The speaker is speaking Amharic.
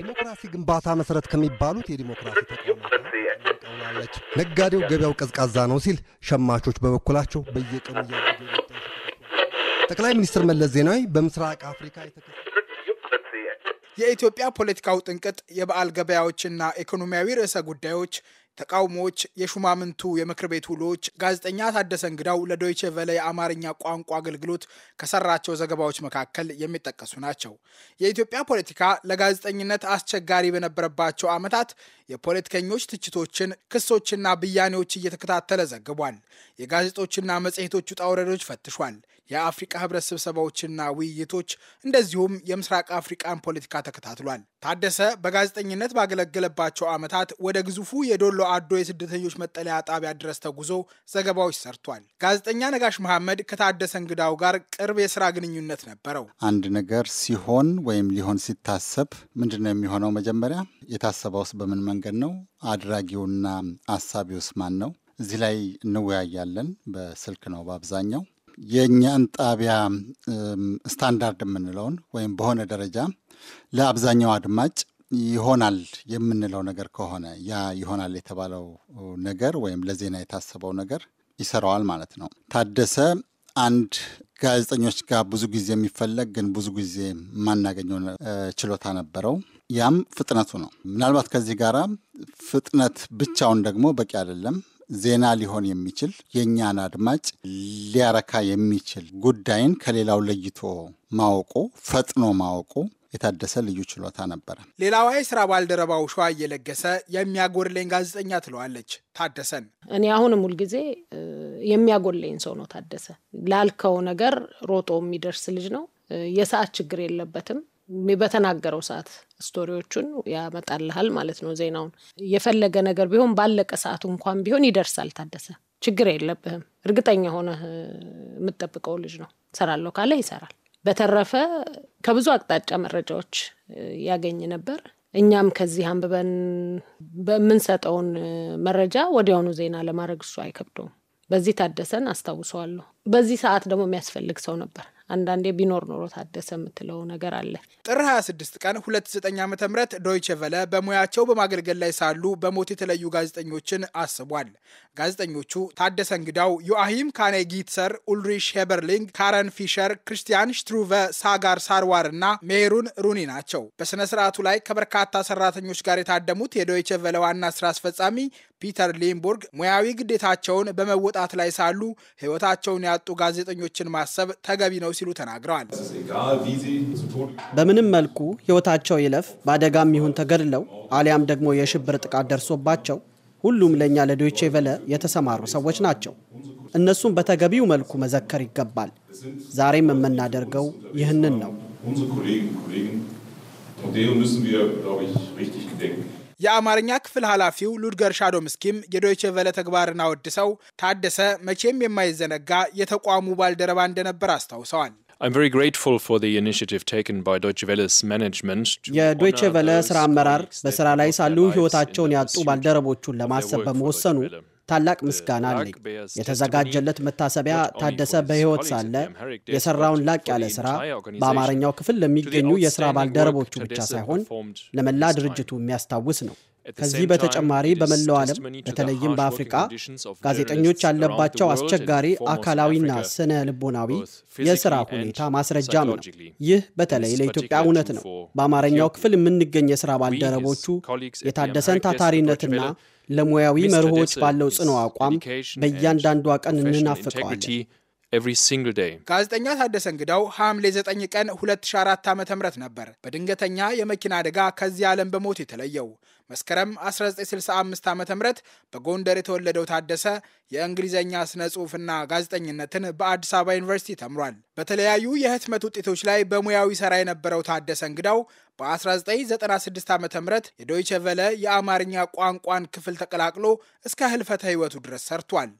ዲሞክራሲ ግንባታ መሰረት ከሚባሉት የዲሞክራሲ ተቋማት ነጋዴው ገበያው ቀዝቃዛ ነው ሲል ሸማቾች በበኩላቸው በየቀኑ እያደገ ጠቅላይ ሚኒስትር መለስ ዜናዊ በምስራቅ አፍሪካ የተከሰ የኢትዮጵያ ፖለቲካው ጥንቅጥ የበዓል ገበያዎችና ኢኮኖሚያዊ ርዕሰ ጉዳዮች ተቃውሞዎች፣ የሹማምንቱ የምክር ቤት ውሎች ጋዜጠኛ ታደሰ እንግዳው ለዶይቼ የአማርኛ ቋንቋ አገልግሎት ከሰራቸው ዘገባዎች መካከል የሚጠቀሱ ናቸው። የኢትዮጵያ ፖለቲካ ለጋዜጠኝነት አስቸጋሪ በነበረባቸው ዓመታት የፖለቲከኞች ትችቶችን፣ ክሶችና ብያኔዎች እየተከታተለ ዘግቧል። የጋዜጦችና መጽሔቶች ውጣ ውረዶች ፈትሿል። የአፍሪቃ ህብረት ስብሰባዎችና ውይይቶች እንደዚሁም የምስራቅ አፍሪቃን ፖለቲካ ተከታትሏል። ታደሰ በጋዜጠኝነት ባገለገለባቸው ዓመታት ወደ ግዙፉ የዶሎ አዶ የስደተኞች መጠለያ ጣቢያ ድረስ ተጉዞ ዘገባዎች ሰርቷል። ጋዜጠኛ ነጋሽ መሐመድ ከታደሰ እንግዳው ጋር ቅርብ የስራ ግንኙነት ነበረው። አንድ ነገር ሲሆን ወይም ሊሆን ሲታሰብ ምንድን ነው የሚሆነው? መጀመሪያ የታሰበውስ በምን መንገድ ነው? አድራጊውና አሳቢውስ ማን ነው? እዚህ ላይ እንወያያለን። በስልክ ነው በአብዛኛው የእኛን ጣቢያ ስታንዳርድ የምንለውን ወይም በሆነ ደረጃ ለአብዛኛው አድማጭ ይሆናል የምንለው ነገር ከሆነ ያ ይሆናል የተባለው ነገር ወይም ለዜና የታሰበው ነገር ይሰራዋል ማለት ነው። ታደሰ አንድ ጋዜጠኞች ጋር ብዙ ጊዜ የሚፈለግ ግን ብዙ ጊዜ የማናገኘው ችሎታ ነበረው። ያም ፍጥነቱ ነው። ምናልባት ከዚህ ጋር ፍጥነት ብቻውን ደግሞ በቂ አይደለም። ዜና ሊሆን የሚችል የእኛን አድማጭ ሊያረካ የሚችል ጉዳይን ከሌላው ለይቶ ማወቁ ፈጥኖ ማወቁ የታደሰ ልዩ ችሎታ ነበረ። ሌላዋ የስራ ባልደረባው ሸዋ እየለገሰ የሚያጎድለኝ ጋዜጠኛ ትለዋለች ታደሰን። እኔ አሁንም ሁልጊዜ የሚያጎድለኝ ሰው ነው ታደሰ። ላልከው ነገር ሮጦ የሚደርስ ልጅ ነው። የሰዓት ችግር የለበትም። በተናገረው ሰዓት ስቶሪዎቹን ያመጣልሃል ማለት ነው። ዜናውን የፈለገ ነገር ቢሆን ባለቀ ሰዓቱ እንኳን ቢሆን ይደርሳል። ታደሰ ችግር የለብህም። እርግጠኛ ሆነህ የምጠብቀው ልጅ ነው። ሰራለሁ ካለ ይሰራል። በተረፈ ከብዙ አቅጣጫ መረጃዎች ያገኝ ነበር። እኛም ከዚህ አንብበን በምንሰጠውን መረጃ ወዲያውኑ ዜና ለማድረግ እሱ አይከብደውም። በዚህ ታደሰን አስታውሰዋለሁ። በዚህ ሰዓት ደግሞ የሚያስፈልግ ሰው ነበር። አንዳንዴ ቢኖር ኖሮ ታደሰ የምትለው ነገር አለ። ጥር 26 ቀን 29 ዓ ም ዶይቼ ቨለ በሙያቸው በማገልገል ላይ ሳሉ በሞት የተለዩ ጋዜጠኞችን አስቧል። ጋዜጠኞቹ ታደሰ እንግዳው፣ ዮአሂም ካኔ ጊትሰር፣ ኡልሪሽ ሄበርሊንግ፣ ካረን ፊሸር፣ ክርስቲያን ሽትሩቨ፣ ሳጋር ሳርዋር እና ሜሩን ሩኒ ናቸው። በሥነ ሥርዓቱ ላይ ከበርካታ ሰራተኞች ጋር የታደሙት የዶይቼ ቨለ ዋና ሥራ አስፈጻሚ ፒተር ሊምቡርግ ሙያዊ ግዴታቸውን በመወጣት ላይ ሳሉ ሕይወታቸውን ያጡ ጋዜጠኞችን ማሰብ ተገቢ ነው ሲሉ ተናግረዋል። በምንም መልኩ ሕይወታቸው ይለፍ በአደጋም ይሁን ተገድለው አሊያም ደግሞ የሽብር ጥቃት ደርሶባቸው ሁሉም ለእኛ ለዶይቼ ቬለ የተሰማሩ ሰዎች ናቸው። እነሱም በተገቢው መልኩ መዘከር ይገባል። ዛሬም የምናደርገው ይህንን ነው። የአማርኛ ክፍል ኃላፊው ሉድገር ሻዶ ምስኪም የዶይቼ ቨለ ተግባርን አወድሰው ታደሰ መቼም የማይዘነጋ የተቋሙ ባልደረባ እንደነበር አስታውሰዋል። የዶይቼ ቨለ ስራ አመራር በስራ ላይ ሳሉ ህይወታቸውን ያጡ ባልደረቦቹን ለማሰብ በመወሰኑ ታላቅ ምስጋና አለኝ። የተዘጋጀለት መታሰቢያ ታደሰ በሕይወት ሳለ የሠራውን ላቅ ያለ ሥራ በአማርኛው ክፍል ለሚገኙ የሥራ ባልደረቦቹ ብቻ ሳይሆን ለመላ ድርጅቱ የሚያስታውስ ነው። ከዚህ በተጨማሪ በመላው ዓለም በተለይም በአፍሪቃ ጋዜጠኞች ያለባቸው አስቸጋሪ አካላዊና ስነ ልቦናዊ የሥራ ሁኔታ ማስረጃም ነው። ይህ በተለይ ለኢትዮጵያ እውነት ነው። በአማርኛው ክፍል የምንገኝ የሥራ ባልደረቦቹ የታደሰን ታታሪነትና ለሙያዊ መርሆች ባለው ጽኑ አቋም በእያንዳንዷ ቀን እንናፍቀዋለን። every single day. ጋዜጠኛ ታደሰ እንግዳው ሐምሌ 9 ቀን 2004 ዓ.ም ነበር በድንገተኛ የመኪና አደጋ ከዚህ ዓለም በሞት የተለየው። መስከረም 1965 ዓ.ም በጎንደር የተወለደው ታደሰ የእንግሊዝኛ ስነ ጽሑፍና ጋዜጠኝነትን በአዲስ አበባ ዩኒቨርሲቲ ተምሯል። በተለያዩ የህትመት ውጤቶች ላይ በሙያዊ ሥራ የነበረው ታደሰ እንግዳው በ1996 ዓ ም የዶይቸ ቨለ የአማርኛ ቋንቋን ክፍል ተቀላቅሎ እስከ ህልፈተ ህይወቱ ድረስ ሰርቷል።